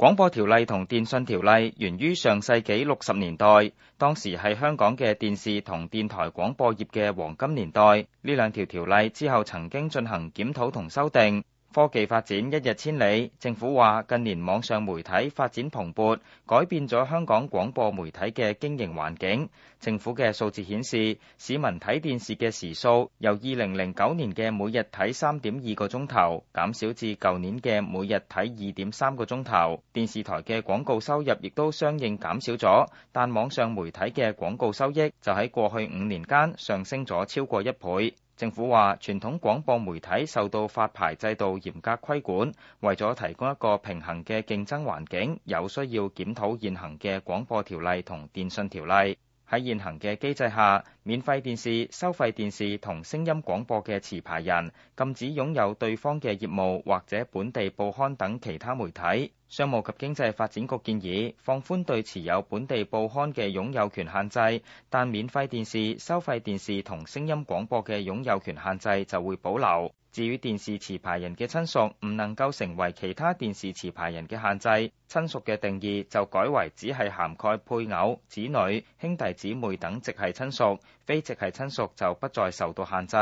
廣播條例同電訊條例源於上世紀六十年代，當時係香港嘅電視同電台廣播業嘅黃金年代。呢兩條條例之後曾經進行檢討同修訂。科技發展一日千里，政府話近年網上媒體發展蓬勃，改變咗香港廣播媒體嘅經營環境。政府嘅數字顯示，市民睇電視嘅時數由二零零九年嘅每日睇三點二個鐘頭，減少至舊年嘅每日睇二點三個鐘頭。電視台嘅廣告收入亦都相應減少咗，但網上媒體嘅廣告收益就喺過去五年間上升咗超過一倍。政府話，傳統廣播媒體受到發牌制度嚴格規管，為咗提供一個平衡嘅競爭環境，有需要檢討現行嘅廣播條例同電訊條例。喺現行嘅機制下，免費電視、收費電視同聲音廣播嘅持牌人禁止擁有對方嘅業務或者本地報刊等其他媒體。商務及經濟發展局建議放寬對持有本地報刊嘅擁有權限制，但免費電視、收費電視同聲音廣播嘅擁有權限制就會保留。至於電視持牌人嘅親屬唔能夠成為其他電視持牌人嘅限制，親屬嘅定義就改為只係涵蓋配偶、子女、兄弟姊妹等直系親屬。非直系親屬就不再受到限制。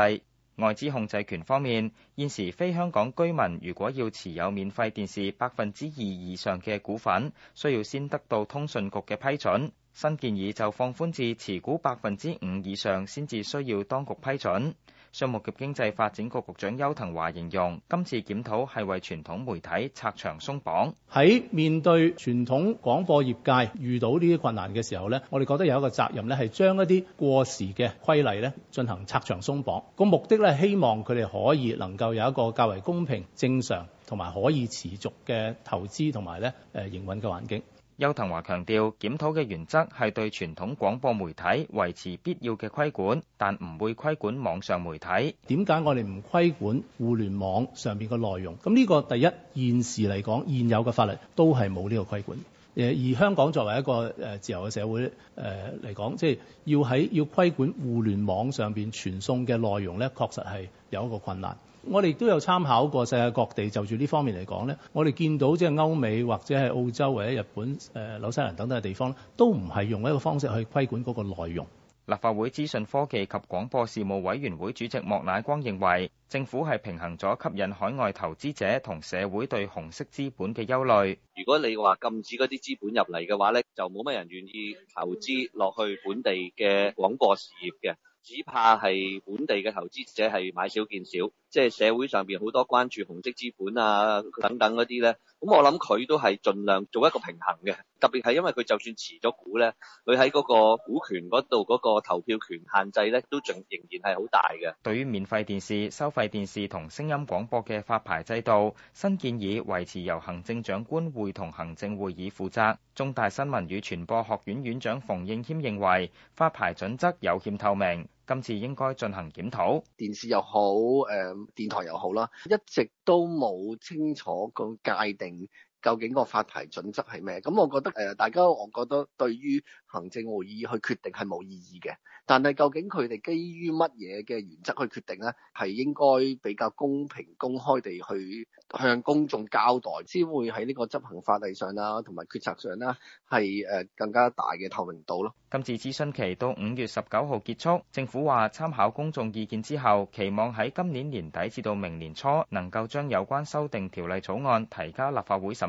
外資控制權方面，現時非香港居民如果要持有免費電視百分之二以上嘅股份，需要先得到通訊局嘅批准。新建議就放寬至持股百分之五以上先至需要當局批准。商務及經濟發展局局長邱騰華形容，今次檢討係為傳統媒體拆牆鬆綁。喺面對傳統廣播業界遇到呢啲困難嘅時候呢，我哋覺得有一個責任呢，係將一啲過時嘅規例咧進行拆牆鬆綁。個目的呢，希望佢哋可以能夠有一個較為公平、正常同埋可以持續嘅投資同埋咧誒營運嘅環境。邱騰華強調，檢討嘅原則係對傳統廣播媒體維持必要嘅規管，但唔會規管網上媒體。點解我哋唔規管互聯網上面嘅內容？咁呢個第一，現時嚟講，現有嘅法律都係冇呢個規管。誒而香港作為一個誒自由嘅社會，誒嚟講，即係要喺要規管互聯網上邊傳送嘅內容咧，確實係有一個困難。我哋都有參考過世界各地就住呢方面嚟講咧，我哋見到即係歐美或者係澳洲或者日本、誒、呃、紐西蘭等等嘅地方，都唔係用一個方式去規管嗰個內容。立法會資訊科技及廣播事務委員會主席莫乃光認為，政府係平衡咗吸引海外投資者同社會對紅色資本嘅憂慮。如果你話禁止嗰啲資本入嚟嘅話咧，就冇乜人願意投資落去本地嘅廣播事業嘅，只怕係本地嘅投資者係買少見少，即係社會上邊好多關注紅色資本啊等等嗰啲咧。咁我諗佢都係盡量做一個平衡嘅，特別係因為佢就算持咗股咧，佢喺嗰個股權嗰度嗰個投票權限制咧，都仲仍然係好大嘅。對於免費電視、收費電視同聲音廣播嘅發牌制度，新建議維持由行政長官會同行政會議負責。中大新聞與傳播學院院長馮應謙認為，發牌準則有欠透明。今次應該進行檢討，電視又好，誒、嗯，電台又好啦，一直都冇清楚個界定。究竟個發牌準則係咩？咁我覺得誒，大、呃、家我覺得對於行政會議去決定係冇意義嘅。但係究竟佢哋基於乜嘢嘅原則去決定呢？係應該比較公平公開地去向公眾交代，先會喺呢個執行法例上啦，同埋決策上啦，係誒更加大嘅透明度咯。今次諮詢期到五月十九號結束，政府話參考公眾意見之後，期望喺今年年底至到明年初，能夠將有關修訂條例草案提交立法會審。